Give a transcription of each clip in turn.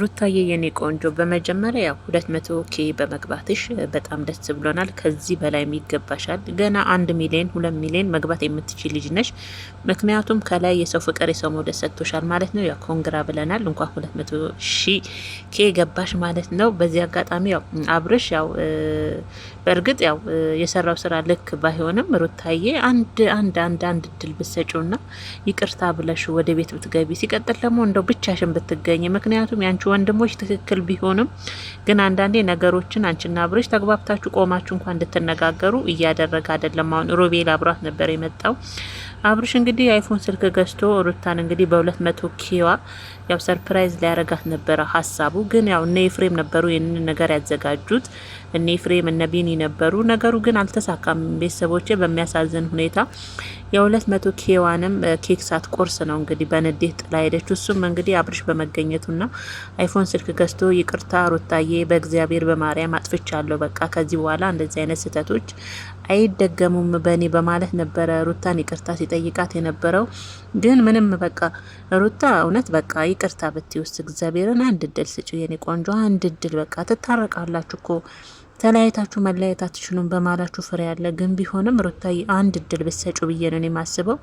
ሩታዬ የኔ ቆንጆ በመጀመሪያ ያው ሁለት መቶ ኬ በመግባትሽ በጣም ደስ ብሎናል። ከዚህ በላይ ይገባሻል። ገና አንድ ሚሊዮን ሁለት ሚሊዮን መግባት የምትችል ልጅ ነሽ። ምክንያቱም ከላይ የሰው ፍቅር የሰው መውደድ ሰጥቶሻል ማለት ነው። ያው ኮንግራ ብለናል። እንኳን ሁለት መቶ ሺ ኬ ገባሽ ማለት ነው። በዚህ አጋጣሚ ያው አብርሽ ያው በእርግጥ ያው የሰራው ስራ ልክ ባይሆንም ሩታዬ አንድ አንድ አንድ አንድ እድል ብትሰጪውና ይቅርታ ብለሽ ወደ ቤት ብትገቢ፣ ሲቀጥል ደግሞ እንደው ብቻሽን ብትገኝ ምክንያቱም ያንቺ ያላችሁ ወንድሞች ትክክል ቢሆንም ግን አንዳንዴ ነገሮችን አንቺና አብርሽ ተግባብታችሁ ቆማችሁ እንኳን እንድትነጋገሩ እያደረገ አይደለም። አሁን ሮቤል አብሯት ነበር የመጣው። አብርሽ እንግዲህ አይፎን ስልክ ገዝቶ ሩታን እንግዲህ በሁለት መቶ ኪዋ ያው ሰርፕራይዝ ሊያረጋት ነበረ ሀሳቡ። ግን ያው እነ ኤፍሬም ነበሩ ይህንን ነገር ያዘጋጁት እነ ኤፍሬም እነ ቢኒ ነበሩ። ነገሩ ግን አልተሳካም። ቤተሰቦቼ በሚያሳዝን ሁኔታ የሁለት መቶ ኬዋንም ኬክ ሳት ቁርስ ነው እንግዲህ በንዴት ጥላ ሄደች። እሱም እንግዲህ አብርሽ በመገኘቱና አይፎን ስልክ ገዝቶ ይቅርታ ሩታዬ፣ በእግዚአብሔር በማርያም አጥፍቻለሁ፣ በቃ ከዚህ በኋላ እንደዚህ አይነት ስህተቶች አይደገሙም በእኔ በማለት ነበረ ሩታን ይቅርታ ሲጠይቃት የነበረው። ግን ምንም በቃ ሩታ እውነት በቃ ይቅርታ ብትይ ውስጥ እግዚአብሔርን አንድ እድል ስጭ የኔ ቆንጆ፣ አንድ እድል በቃ ትታረቃላችሁ እኮ ተለያይታችሁ መለያየት አትችሉም በማላችሁ ፍሬ ያለ ግን ቢሆንም ሩታዬ አንድ እድል ብትሰጪው ብዬ ነው የማስበው።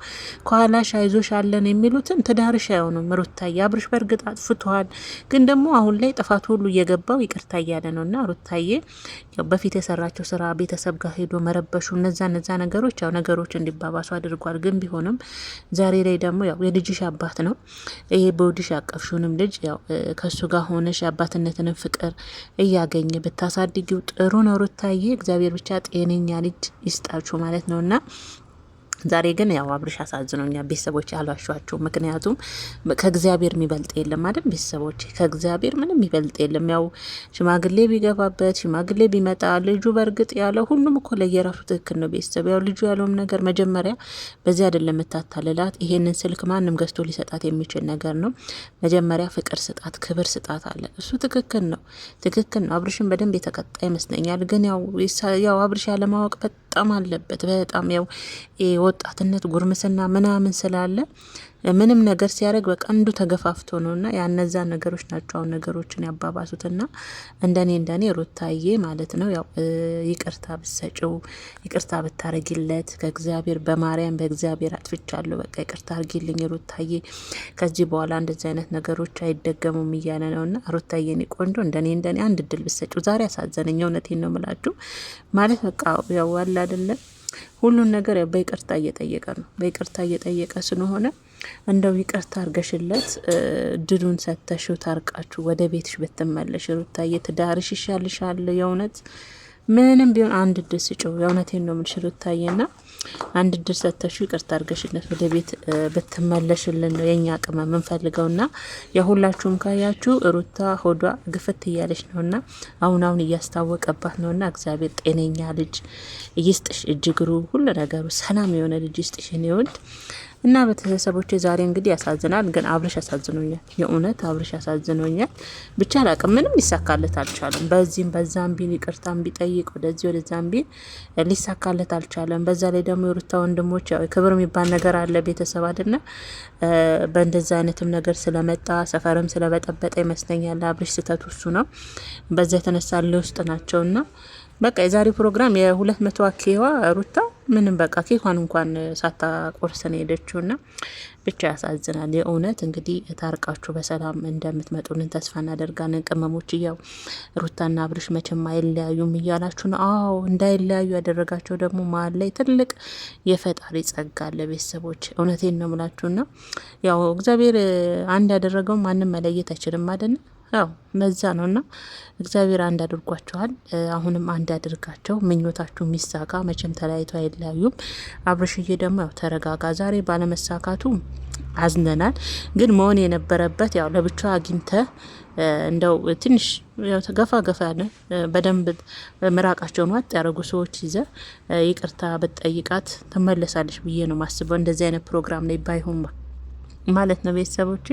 ከኋላሽ አይዞሽ አለን የሚሉትን ትዳርሽ አይሆኑም ሩታዬ። አብርሽ በእርግጥ አጥፍቷል፣ ግን ደግሞ አሁን ላይ ጥፋት ሁሉ እየገባው ይቅርታ እያለ ነው እና ሩታዬ በፊት የሰራቸው ስራ ቤተሰብ ጋር ሄዶ መረበሹ፣ እነዛ እነዛ ነገሮች ያው ነገሮች እንዲባባሱ አድርጓል። ግን ቢሆንም ዛሬ ላይ ደግሞ ያው የልጅሽ አባት ነው። ይሄ በውድሽ ያቀፍሽውንም ልጅ ያው ከሱ ጋር ሆነሽ የአባትነትንም ፍቅር እያገኘ ብታሳድጊው ጥሩ ሩን ሩታዬ እግዚአብሔር ብቻ ጤነኛ ልጅ ይስጣችሁ ማለት ነውና ዛሬ ግን ያው አብርሽ አሳዝኖኛል። ቤተሰቦች አሏቸኋቸው። ምክንያቱም ከእግዚአብሔር የሚበልጥ የለም አይደል? ቤተሰቦች ከእግዚአብሔር ምንም የሚበልጥ የለም። ያው ሽማግሌ ቢገባበት ሽማግሌ ቢመጣ ልጁ በእርግጥ ያለ ሁሉም እኮ ለየራሱ ትክክል ነው። ቤተሰብ ያው ልጁ ያለውም ነገር መጀመሪያ በዚህ አይደለም የምታታልላት። ይሄንን ስልክ ማንም ገዝቶ ሊሰጣት የሚችል ነገር ነው። መጀመሪያ ፍቅር ስጣት፣ ክብር ስጣት አለ። እሱ ትክክል ነው፣ ትክክል ነው። አብርሽን በደንብ የተቀጣ ይመስለኛል። ግን ያው አብርሽ ያለማወቅ መጣም አለበት። በጣም ያው ወጣትነት ጉርምስና ምናምን ስላለ ምንም ነገር ሲያደርግ በቃ አንዱ ተገፋፍቶ ነው እና ያነዛ ነገሮች ናቸው አሁን ነገሮችን ያባባሱት። እና እንደኔ እንደኔ ሩታዬ ማለት ነው ያው ይቅርታ ብሰጭው ይቅርታ ብታረጊለት ከእግዚአብሔር በማርያም በእግዚአብሔር አጥፍቻለሁ፣ በቃ ይቅርታ አርጊልኝ ሩታዬ፣ ከዚህ በኋላ እንደዚህ አይነት ነገሮች አይደገሙም እያለ ነው እና ሩታዬ እኔ ቆንጆ እንደኔ እንደኔ አንድ እድል ብሰጭው። ዛሬ አሳዘነኝ፣ እውነቴን ነው የምላችሁ ማለት በቃ ያው አለ አይደለም ሁሉን ነገር በይቅርታ እየጠየቀ ነው። በይቅርታ እየጠየቀ ስለሆነ እንደው ይቅርታ አርገሽለት ድሉን ሰተሽው ታርቃችሁ ወደ ቤትሽ ብትመለሽ ሩታዬ ትዳርሽ ይሻልሻል። የእውነት ምንም ቢሆን አንድ ድል ስጭው። የእውነቴን ነው የምልሽ ሩታዬና አንድ ድር ሰተሹ ይቅርታ አርገሽለት ወደ ቤት ብትመለሽልን ነው የእኛ ቅመ የምንፈልገውና የሁላችሁም ካያችሁ ሩታ ሆዷ ግፍት እያለች ነውና አሁን አሁን እያስታወቀባት ነውና እግዚአብሔር ጤነኛ ልጅ ይስጥሽ፣ እጅግሩ ሁሉ ነገሩ ሰላም የሆነ ልጅ ይስጥሽ። እኔ ወድ እና ቤተሰቦቼ ዛሬ እንግዲህ ያሳዝናል፣ ግን አብርሽ ያሳዝኖኛል። የእውነት አብርሽ ያሳዝኖኛል። ብቻ አላቅም፣ ምንም ሊሳካለት አልቻለም። በዚህም በዛም ቢል ይቅርታም ቢጠይቅ ወደዚህ ወደዛም ቢል ሊሳካለት አልቻለም። በዛ ላይ ደግሞ የሩታ ወንድሞች ያው ክብር የሚባል ነገር አለ ቤተሰብ አይደለ? በእንደዛ አይነትም ነገር ስለመጣ ሰፈርም ስለበጠበጠ ይመስለኛል አብርሽ ስህተቱ እሱ ነው። በዛ የተነሳ ውስጥ ናቸውና በቃ የዛሬ ፕሮግራም የሁለት መቶ አኬዋ ሩታ ምንም በቃ ኬኳን እንኳን ሳታቆርስ ነው ና ብቻ ያሳዝናል የእውነት እንግዲህ ታርቃችሁ በሰላም እንደምትመጡልን ተስፋ እናደርጋለን። ቅመሞች እያው ሩታና አብርሽ መቼም አይለያዩም እያላችሁ ነው። አዎ እንዳይለያዩ ያደረጋቸው ደግሞ መሀል ላይ ትልቅ የፈጣሪ ጸጋ አለ። ቤተሰቦች እውነቴን ነው ምላችሁና ያው እግዚአብሔር አንድ ያደረገው ማንም መለየት አይችልም አይደለም ያው መዛ ነው እና እግዚአብሔር አንድ አድርጓቸዋል። አሁንም አንድ አድርጋቸው፣ ምኞታችሁ የሚሳካ መቼም ተለያይቶ አይለያዩም። አብርሽዬ ደግሞ ያው ተረጋጋ። ዛሬ ባለመሳካቱ አዝነናል፣ ግን መሆን የነበረበት ያው ለብቻ አግኝተ እንደው ትንሽ ገፋ ገፋ ያለ በደንብ ምራቃቸውን ዋጥ ያደረጉ ሰዎች ይዘ ይቅርታ ብትጠይቃት ትመለሳለች ብዬ ነው ማስበው። እንደዚህ አይነት ፕሮግራም ላይ ባይሆን ማለት ነው ቤተሰቦቼ